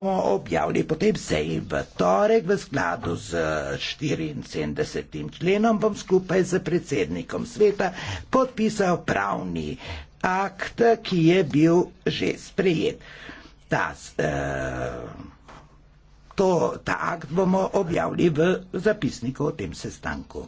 bomo objavili potem seji v torek v skladu z 74. členom, bom skupaj z predsednikom sveta podpisal pravni akt, ki je bil že sprejet. Ta, eh, to, ta akt bomo objavili v zapisniku o tem sestanku.